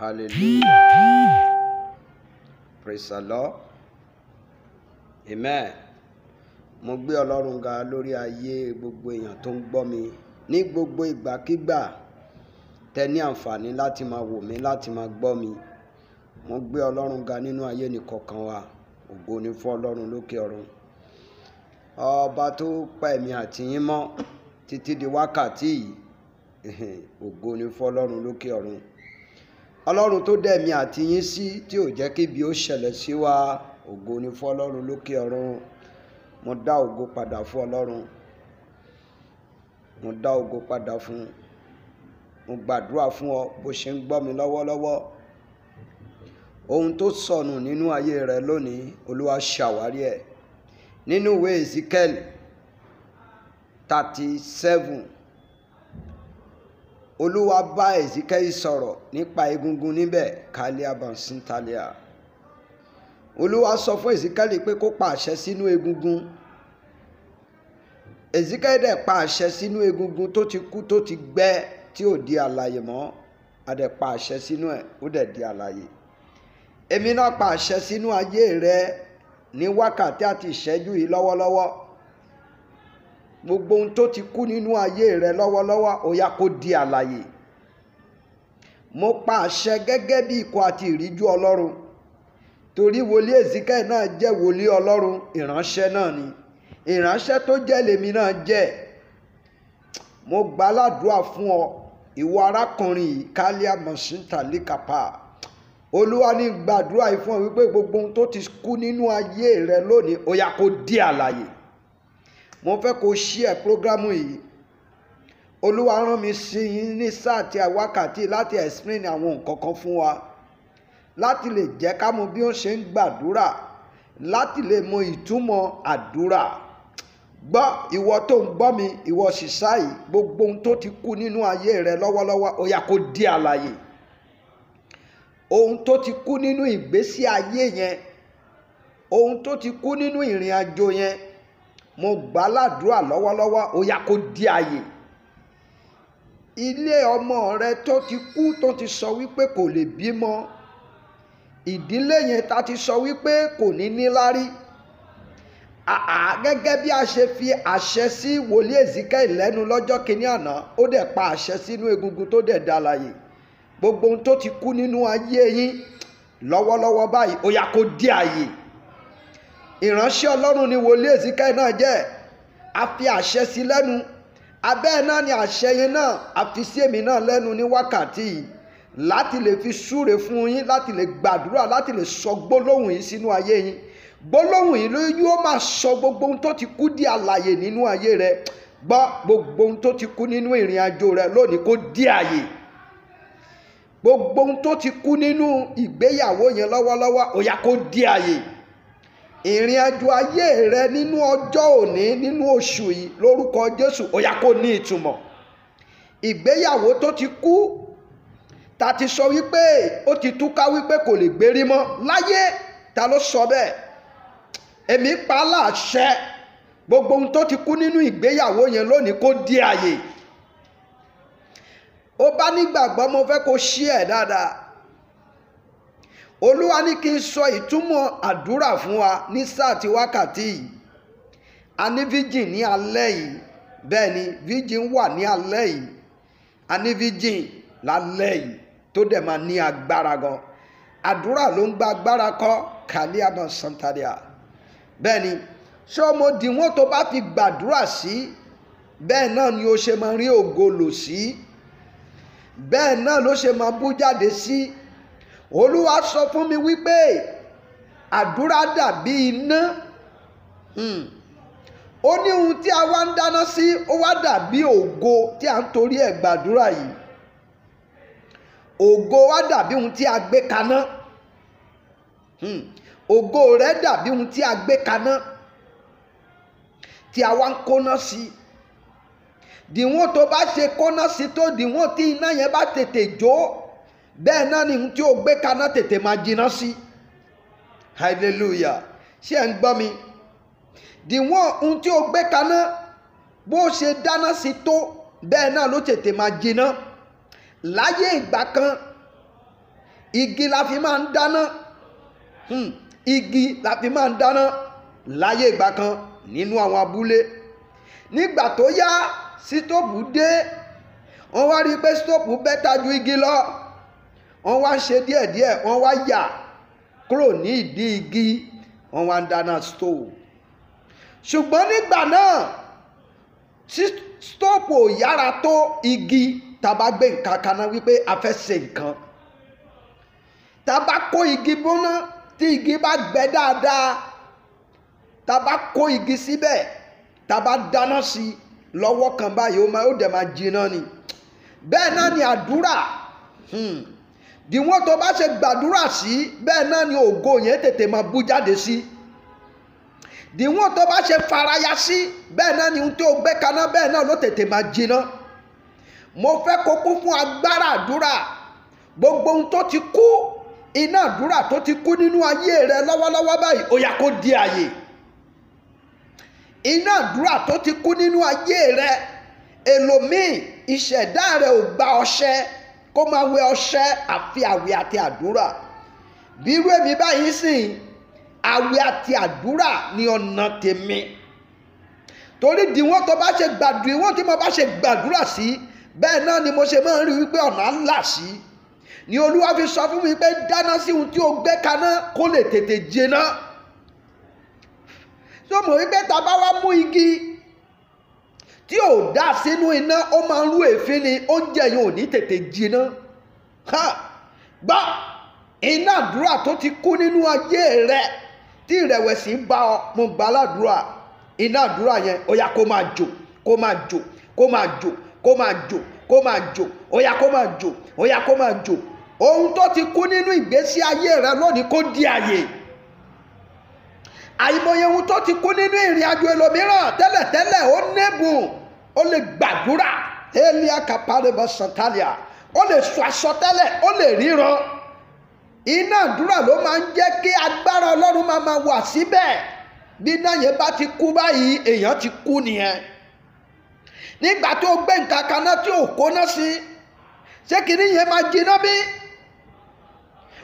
Hallelujah. Praise the Lord. Amen. Mo gbé Ọlọ́run ga lórí ayé gbogbo èèyàn tó ń gbọ́ mi ní gbogbo ìgbàkígbà tẹ ní àǹfààní láti máa wò mí láti máa gbọ́ mi. Mo gbé Ọlọ́run ga nínú ayé nìkọ̀ọ̀kan wa. Ògo ni fún Ọlọ́run lókè ọ̀run. Ọba tó pa ẹ̀mí àtìyín mọ́ títí di wákàtí yìí. Ògo ni fún Ọlọ́run lókè ọ̀run ọlọ́run tó dẹ̀mí àti yín sí tí ò jẹ́ kíbi ó ṣẹlẹ̀ sí wa ògo ni fún ọlọ́run lókè ọ̀run mo dá ògo padà fún ọlọ́run mo dá ògo padà fún mo gbàdúrà fún ọ bó ṣe ń gbọ́ mi lọ́wọ́lọ́wọ́ ohun tó sọnù nínú ayé rẹ lónìí olúwa ṣàwárí ẹ nínú ìwé Ezekiel thirty seven olúwa bá èzíkẹ́yì sọ̀rọ̀ nípa egungun níbẹ̀ kálíà bọ̀nsíntálíà olúwa sọ fún èzíkẹ́lì pé kó pa àṣẹ sínú egungun èzíkẹ́lì dẹ̀ pa àṣẹ sínú egungun tó ti kú tó ti gbẹ́ tí ò di àlàyé mọ́ a dẹ̀ pa àṣẹ sínú ẹ̀ ó dẹ̀ di àlàyé èmi náà pa àṣẹ sínú ayé rẹ ní wákàtí àti ìṣẹ́jú yìí lọ́wọ́lọ́wọ́ gbogbo ohun tó ti kú nínú ayé rẹ lọ́wọ́lọ́wọ́ ó yá kó di àlàyé mo pa àṣẹ gẹ́gẹ́ bí ikọ̀ àti ìríjú ọlọ́run torí wòlíì Èzíkíẹ́lì náà jẹ́ wòlíì ọlọ́run ìránṣẹ́ náà ni ìránṣẹ́ tó jẹ́ lèmi náà jẹ́ mo gbàládùá fún ọ ìwọ arákùnrin yìí kálíà mọ̀síntà líkàpá olúwa ní gbàdúrà yìí fún ọ wípé gbogbo ohun tó ti kú nínú ayé rẹ lónìí ó yá kó di àlàyé mo fẹ́ kó ṣíẹ̀ prógrámù yìí olúwa rán mi sí yín ní sáà tí a wákàtí láti explain àwọn nǹkan kan fún wa láti lè jẹ́ ká mọ bí ó ṣe ń gbàdúrà láti lè mọ ìtumọ̀ àdúrà gbọ́ ìwọ tó ń gbọ́ mi ìwọ ṣìṣá yìí gbogbo ohun tó ti kú nínú ayé rẹ lọ́wọ́lọ́wọ́ ó yá kó di àlàyé ohun tó ti kú nínú ìgbésí ayé yẹn ohun tó ti kú nínú ìrìn àjò yẹn mo gbà ládùúrà lọ́wọ́lọ́wọ́ ó yá kó di àyè ilé ọmọ rẹ tó ti kú tó ti sọ wípé kò lè bímọ ìdílé yẹn ta ti sọ wípé kò ní níláárí àà gẹ́gẹ́ bí a ṣe fi àṣẹ sí wòlíì Èzíkẹ́ ìlẹ́nu lọ́jọ́ kínní àná ó dẹ̀ pa àṣẹ sínú egungun tó dẹ̀ dalàyè gbogbo ohun tó ti kú nínú ayé yín lọ́wọ́lọ́wọ́ báyìí ó yá kó di àyè ìránṣẹ́ ọlọ́run ni wòlíì Èsíkáì náà jẹ́ a fi àṣẹ sí lẹ́nu abẹ́ẹ̀ náà ni àṣẹ yẹn náà a fi sí èmi náà lẹ́nu ní wákàtí yìí láti lè fi súre fún yín láti lè gbàdúrà láti lè sọ gbólóhùn yìí sínú ayé yín gbólóhùn yìí ló yóò máa sọ gbogbo ohun tó ti kú di àlàyé nínú ayé rẹ gbọ́ gbogbo ohun tó ti kú nínú ìrìn àjò rẹ lónìí kó di àyè gbogbo ohun tó ti kú nínú ìgbéyàwó yẹn lọ́wọ́lọ́wọ́ ó kó di àyè. ìrìn àjò ayé rẹ nínú ọjọ́ òní nínú oṣù yìí lórúkọ Jésù ó yá kó ní ìtumọ̀ ìgbéyàwó tó ti kú ta ti sọ wípé ó ti túká wípé kò lè gbérí mọ́ láyé ta ló sọ bẹ́ẹ̀ èmi pa á láṣẹ gbogbo ohun tó ti kú nínú ìgbéyàwó yẹn lónìí kó di àyè ó bá nígbàgbọ́ mo fẹ́ kó ṣí ẹ̀ dáadáa olúwa ní kí n sọ ìtumọ̀ àdúrà fún wa ní sáà ti wákàtí yìí a ní virgin ní alẹ́ yìí bẹ́ẹ̀ ni virgin wà ní alẹ́ yìí a ní virgin lálẹ́ yìí tó dẹ̀ máa ní agbára gan àdúrà ló ń gba agbára kọ́ kàlẹ́ santaria bẹ́ẹ̀ ni ṣé ọmọ dìwọ́n tó bá fi gbàdúrà sí bẹ́ẹ̀ náà ni ó ṣe máa rí ògo lò sí bẹ́ẹ̀ náà ló ṣe máa bú jáde sí. Si olúwa sọ fún mi wípé àdúrà dàbí iná hmm. ó ní ohun tí a wá ń dáná sí ó wá dàbí ògo tí a ń torí ẹ̀ gbàdúrà yìí ògo wá dàbí ohun tí a gbé kaná hmm. ògo rẹ̀ dàbí ohun tí a gbé kaná tí a wá ń kóná sí dìwọ̀n tó bá ṣe kóná sí tó dìwọ̀n tí iná yẹn bá tètè jó bẹ́ẹ̀ náà ni tí ó gbé kaná tètè máa jiná sí hallelujah ṣé ẹ̀ ń gbọ́ mi dìwọ̀n ohun tí ó gbé kaná bó ṣe dáná sí tó bẹ́ẹ̀ náà ló tètè máa jiná láyé ìgbà kan igi la fi máa ń dáná hmm, igi la fi máa ń dáná láyé ìgbà kan nínú àwọn abúlé nígbà tó yá sítòpù dé wọ́n wá rí i pé sítòpù bẹ́ta ju igi lọ wọ́n wá ṣe díẹ̀díẹ̀ wọ́n wá yà kúrò ní ìdí igi wọ́n wá ń dáná stóòpù ṣùgbọ́n nígbà náà tí stóòpù ò yára tó igi tàbá gbé nǹkan kaná wípé a fẹ́ ṣe nǹkan tàbá kó igi bóná tí igi bá gbẹ dáadáa tàbá kó igi síbẹ̀ tàbá dáná sí i lọ́wọ́ kan báyìí ó dẹ̀ máa jiná ni bẹ́ẹ̀ náà ni àdúrà. Hmm dìwọ́n tó bá ṣe gbàdúrà sí bẹ́ẹ̀ náà ni ògo yẹn tètè máa bú jáde sí dìwọ́n tó bá ṣe faraya sí bẹ́ẹ̀ náà ni ohun tí ó gbé kaná bẹ́ẹ̀ náà ló tètè máa jiná mo fẹ́ kó kún fún agbára àdúrà gbogbo ohun tó ti kú iná àdúrà tó ti kú nínú ayé rẹ lọ́wọ́lọ́wọ́ báyìí ó yá kó di àyè iná àdúrà tó ti kú nínú ayé rẹ èlòmíì ìṣẹ̀dá rẹ ò gba ọṣẹ kó máa wẹ ọṣẹ àfi àwẹ̀ àti àdúrà bí irú èmi báyìí sìn àwẹ̀ àti àdúrà ni ọ̀nà tèmi torí dìwọ́n tó bá ṣe gbàdúrà ìwọ́n tí mo bá ṣe gbàdúrà sí bẹ́ẹ̀ náà ni mo ṣe máa ń rí wípé ọ̀nà á sí ni olúwa fi sọ fún mi pé dáná sí ohun tí o gbé kaná kó lè tètè jẹná tó mọ̀ wípé tá a bá wá mú igi tí ò dá sínú iná ó máa ń rú èéfín ni oúnjẹ yẹn ò ní tètè jiná gbọ́ iná àdúrà tó ti kú nínú ayé rẹ tí ìrẹ̀wẹ̀sì bá ọ mo gbà ládùúrà iná àdúrà yẹn ó yá kó máa jò kó máa jò kó máa jò kó máa jò kó máa jò ó yá kó máa jò ó yá kó máa jò ohun tó ti kú nínú ìgbésí ayé rẹ lónìí kó di àyè àìmọye ohun tó ti kú nínú ìrìn àjò ẹlòmíràn tẹ́lẹ̀tẹ́lẹ̀ ó nébùn ó lè gbàdúrà elia kapareba santalia ó lè sọ àsọtẹ́lẹ̀ ó lè ríran iná àdúrà ló máa ń jẹ́ kí agbára ọlọ́run máa máa wà síbẹ̀ bí iná yẹn bá ti kú báyìí èèyàn ti kú nìyẹn nígbà tó gbé nǹkan kaná tí ò kóná sí ṣé kìíní yẹn máa jiná bí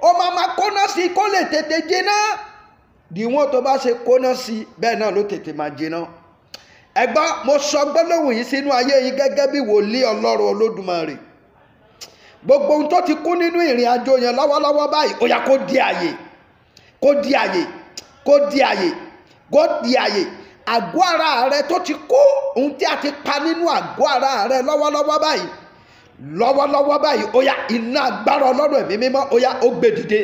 ó máa máa kóná sí kó lè tètè jiná dìwọ́n tó bá ṣe kóná sí bẹ́ẹ̀ náà ló tètè máa jiná ẹgbọ́n mo sọ gbólóhùn yìí sínú ayé yín gẹ́gẹ́ bí wòlíì ọlọ́run olódùmarè gbogbo ohun tó ti kú nínú ìrìn àjò yẹn lọ́wọ́lọ́wọ́ báyìí ó yá kó di àyè kó di àyè kó di àyè kó di àyè àgọ́ ara rẹ tó ti kú ohun tí a ti pa nínú àgọ́ ara rẹ lọ́wọ́lọ́wọ́ báyìí lọ́wọ́lọ́wọ́ báyìí ó yá iná agbára ọlọ́run ẹ̀mí mímọ́ ó yá ó gbé dìde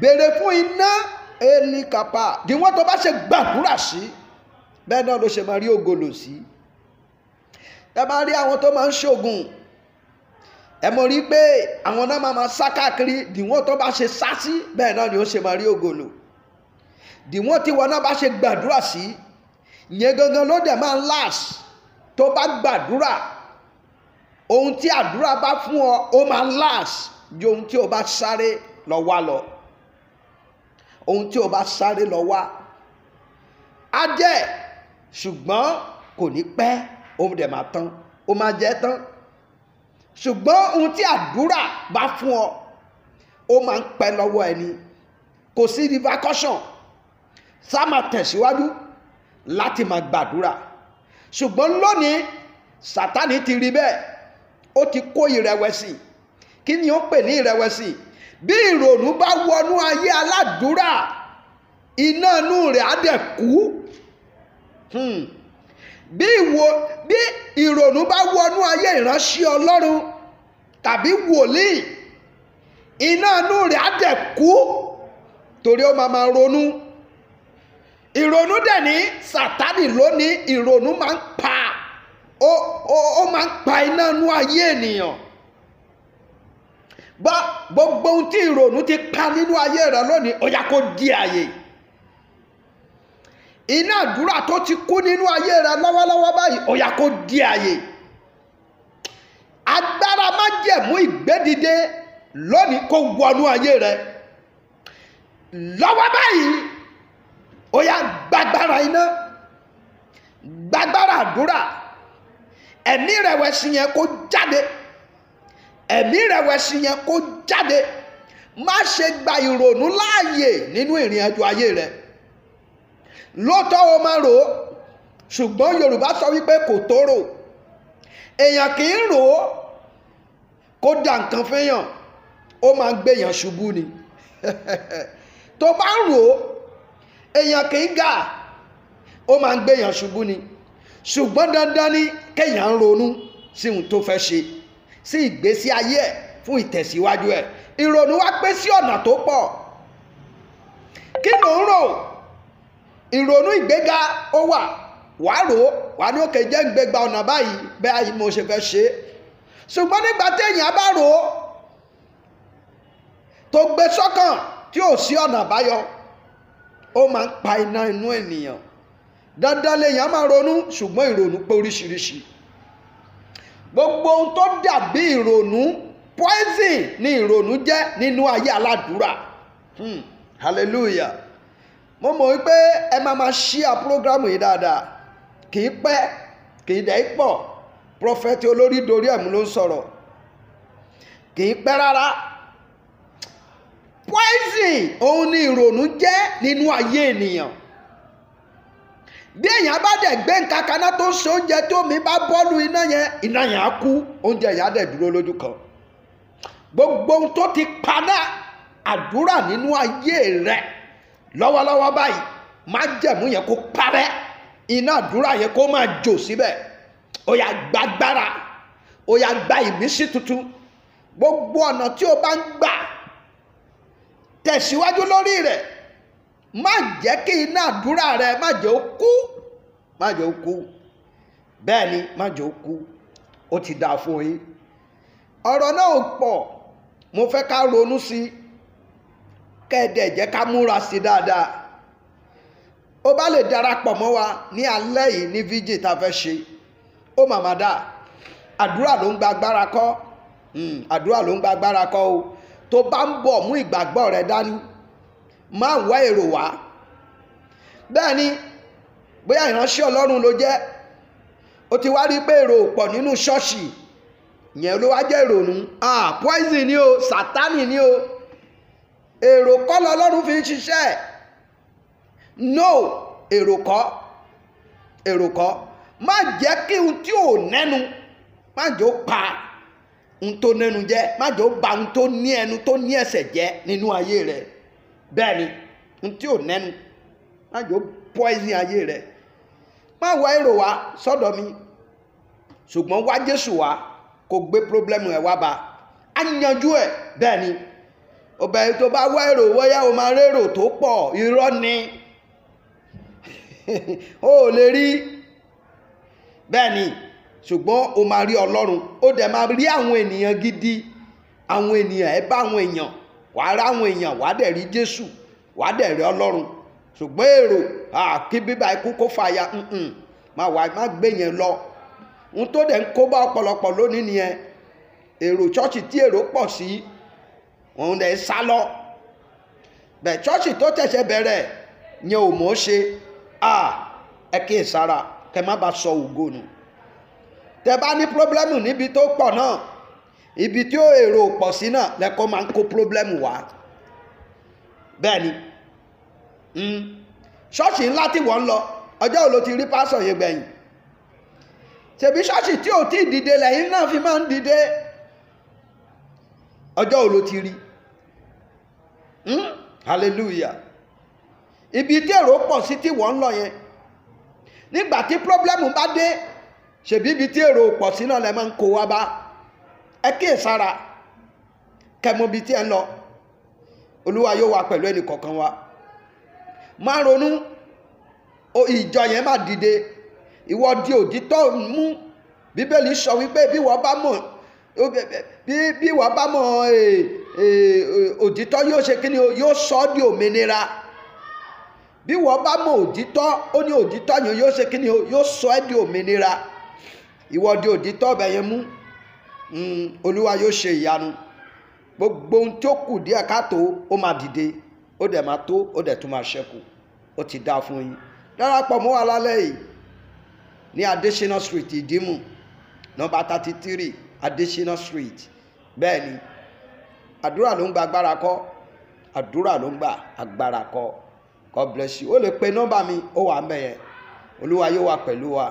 béèrè fún iná èlì kàpá díwọ́n tó bá ṣe gbàdúrà sí. Si bẹ́ẹ̀ náà ló ṣe máa rí ògolo sí ẹ máa rí àwọn tó máa ń ṣògùn ẹ mọ̀ rí pé àwọn náà máa máa sá káàkiri dìwọ́n tó bá ṣe sá sí bẹ́ẹ̀ náà ni ó ṣe máa rí ògolo dìwọ́n tí wọn náà bá ṣe gbàdúrà sí ìyẹn gangan ló dẹ̀ máa ń last tó bá gbàdúrà ohun tí àdúrà bá fún ọ ó máa ń last ju ohun tí o bá sáré lọ wá lọ ohun tí o bá sáré lọ wá á jẹ́ ṣùgbọ́n kò ní pẹ́ òun dẹ̀ máa tán ó máa jẹ́ tán ṣùgbọ́n ohun tí àdúrà bá fún ọ ó máa ń pẹ́ lọ́wọ́ ẹni kò sí repercussion sá máa tẹ̀síwájú láti máa gbàdúrà ṣùgbọ́n lónìí sátani ti rí bẹ́ẹ̀ ó ti kó ìrẹ̀wẹ̀sì kí ni ó pè ní ìrẹ̀wẹ̀sì bí ìrònú bá wọnú ayé aládùúrà iná inú rẹ̀ á dẹ̀ kú Hmm. bí ìwò bí ìrònú bá wọnú ayé ìránṣẹ́ ọlọ́run tàbí wòlíì iná inú rẹ̀ á dẹ̀ kú torí ó máa máa ronú ìrònú dẹ̀ ní sátánì lónìí ìrònú máa ń pa ó ó ó máa ń pa iná inú ayé ènìyàn gbọ́ gbogbo ohun tí ìrònú ti pa nínú ayé rẹ lónìí ó yá kó di àyè iná àdúrà tó ti kú nínú ayé rẹ lọ́wọ́lọ́wọ́ báyìí ó yá kó di àyè agbára májẹ̀mú ìgbédìde lónìí kó wọnú ayé rẹ lọ́wọ́ báyìí ó yá gbàgbára iná gbàgbára àdúrà ẹ̀mí rẹ̀wẹ̀sì yẹn kó jáde ẹ̀mí rẹ̀wẹ̀sì yẹn kó jáde má ṣe gba ìrònú láàyè nínú ìrìn àjò ayé rẹ lóòótọ́ o máa rò ó ṣùgbọ́n yorùbá sọ wípé kò tóró èèyàn kì í rò ó kó dà nǹkan fẹ́yàn ó máa ń gbèyàn ṣubú ni tó bá rò ó èèyàn kì í gà ó máa ń gbèyàn ṣubú ni ṣùgbọ́n dandan ni kéèyàn ń ronú sí ohun tó fẹ́ ṣe sí ìgbésí ayé ẹ̀ fún ìtẹ̀síwájú ẹ̀ ìrònú wá pé sí ọ̀nà tó pọ̀ kí ló ń rò ó ìrònú ìgbéga ó wà wàá rò ó wàá ní òkè jẹ́ ìgbéga ọ̀nà báyìí bẹ́ẹ̀ mo ṣe fẹ́ ṣe é ṣùgbọ́n nígbà téèyàn bá rò ó tó gbé sọ́kàn tí ò sí ọ̀nà àbáyọ ó máa ń pa iná inú ènìyàn dandan lèèyàn máa ronú ṣùgbọ́n ìrònú pé oríṣiríṣi gbogbo ohun tó dàbí ìrònú poison ni ìrònú jẹ́ nínú ayé aládùúrà hmm, hallelujah. mo mọ̀ wípé ẹ máa máa ṣíà program yìí dáadáa kì í pẹ́ kì í dẹ́ pọ̀ prọfẹ̀tì olórí dorí ẹ̀mú ló ń sọ̀rọ̀ kì í pẹ́ rárá poison òun ni ìrònú jẹ́ nínú ayé ènìyàn bí èèyàn bá dẹ̀ gbé nǹkan kaná tó ń ṣe oúnjẹ tí omi bá bọ́ọ̀lù iná yẹn iná yẹn á kú oúnjẹ yẹn á dẹ̀ dúró lójú kan gbogbo ohun tó ti paná àdúrà nínú ayé rẹ̀ lọ́wọ́lọ́wọ́ báyìí májẹ̀mú yẹn kó parẹ́ iná àdúrà yẹn kó máa jò síbẹ̀ ó yá gbàgbára o ya gba ìmísí tuntun gbogbo ọ̀nà tí o bá ń gbà tẹ̀síwájú lórí rẹ̀ má jẹ́ kí iná àdúrà rẹ má jẹ́ ó kú má jẹ́ ó kú bẹ́ẹ̀ ni má jẹ́ ó kú ó ti fún yín ọ̀rọ̀ náà pọ̀ mo fẹ́ ká ronú sí kẹ́ẹ̀dẹ̀ jẹ́ ká múra sí i dáadáa ó bá lè darapọ̀ mọ́ wa ní alẹ́ yìí ní fíjì tá fẹ́ ṣe ó màmá dà àdúrà ló ń gba agbára kọ́ hmm, àdúrà ló ń gba agbára kọ́ o tó bá ń bọ̀ mú ìgbàgbọ́ rẹ dání máa wá wá èrò wá èrò kọ́ lọ́lọ́run fi ń ṣiṣẹ́ no èrò kọ́ èrò kọ́ má jẹ́ kí ohun tí ò nẹ́nu má jẹ́ ó pa ohun tó nẹ́nu jẹ́ má jẹ́ ó ba ohun tó ní ẹnu tó ní ẹsẹ̀ jẹ́ nínú ayé rẹ bẹ́ẹ̀ ni ohun tí ò nẹ́nu má jẹ́ ó poison ayé rẹ má wá èrò wá sọ́dọ̀ mi ṣùgbọ́n wá Jésù wá kó gbé problem ẹ̀ wá bá a yanjú ẹ̀ bẹ́ẹ̀ ni ọba tó bá wá èrò wọ́yá o máa rérò tó pọ̀ irọ́ ni o ò lè rí bẹ́ẹ̀ ni ṣùgbọ́n o máa rí ọlọ́run ó dẹ̀ máa rí àwọn ènìyàn gidi àwọn ènìyàn ẹ bá àwọn èèyàn wà á rá àwọn èèyàn wà á dẹ̀ rí jésù wà á dẹ̀ rí ọlọ́run ṣùgbọ́n èrò kí bíbá ikú kó fàya má wà má gbé yẹn lọ ohun tó dẹ̀ ń kó bá ọ̀pọ̀lọpọ̀ lónìí nìyẹn èrò ṣọ́ọ̀ṣì tí èrò pọ̀ sí. Si, òun lẹ̀ sá lọ bẹ̀ chọ́ọ̀chì tó tẹ̀sẹ̀ bẹ̀rẹ̀ ni ò mọ̀ ṣe à ẹ kí n sára kẹ má ba sọ ògo nù tẹ bá ní pírọ́blẹ́mù níbi tó pọ̀ náà ibi tí ó èrò pọ̀ sí náà lẹ́kọ́ máa ń kó pírọ́blẹ́mù wá bẹ́ẹ̀ ni ṣọ́ọ̀ṣì hmm. ńlá tí wọ́n ń lọ ọjọ́ òlo ti rí pásọ̀ yẹn gbẹ̀yìn ṣebí ṣọ́ọ̀ṣì tí ò tí ì dìde lẹ́yìn náà fi máa ń dìde ọjọ́ òlo ti rí i Hmm? hallelujah ibi tí èrò pọ̀ sí tí wọ́n ń lọ yẹn nígbà tí pírọ́blẹ́mù bá dé ṣèbí ibi tí èrò pọ̀ sí náà lẹ́ máa ń kó wa bá ẹ kíyè sára kẹmọ ibi tí ẹ ń lọ olúwa yóò wà pẹ̀lú ẹnì kọ̀ọ̀kan wa má ronú ìjọ yẹn má dìde ìwọ di òdítọ́ mú bíbélì sọ wípé bí wọ́n bá mọ̀ bí wọ́n bá mọ̀ ee. Eh, Eh, òtítọ́ yóò ṣe kíni yóò sọ ọ́ di òmìnira bí wọ́n bá mọ òtítọ́ ó ní òtítọ́ yẹn yóò ṣe kíni yóò sọ ẹ́ di òmìnira ìwọ di òtítọ́ ọbẹ̀ yẹn mú hmm, olúwa yóò ṣe ìyanu gbogbo ohun tí ó kù díẹ̀ káàtó ó máa dìde ó dẹ̀ máa tó ó dẹ̀ tún máa ṣẹ́kù ó ti dáa fún yín darapọ̀ mọ́ wa lálẹ́ yìí ní Adesina Street Ìdímù nọ́mbà thirty three Adesina Street bẹ́ẹ̀ ni àdúrà ló ń gba agbára kọ́ àdúrà ló ń gba agbára kọ́ God bless you ó lè pe nọ́mbà mi ó wà mẹ́yẹn olúwa yóò wà pẹ̀lú wa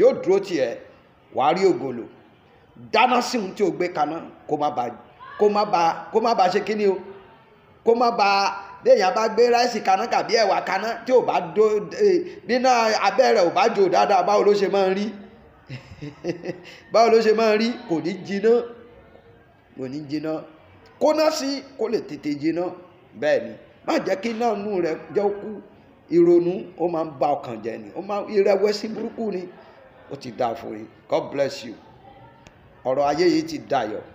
yóò dúró tiẹ̀ wàá rí ògolo dáná sí ohun tí o gbé kaná kó má ba kó má ba kó má ba ṣe kíni o kó má ba béèyàn bá gbé ráìsì kaná tàbí ẹ̀wà kaná tí ò bá dó e, bíná abẹ́rẹ́ ò bá jò dáadáa báwo ló ṣe máa ń rí báwo ló ṣe máa ń rí kò ní jiná kò ní jiná. kóná sí kó lè tètè jiná bẹ́ẹ̀ ni má jẹ́ kí iná inú rẹ jẹ́ kú ìrònú ó máa ba ọkàn jẹ ni ó máa ń ìrẹ̀wẹ̀sì ni ó ti da fún God bless you ọ̀rọ̀ ayé yìí ti dayọ̀.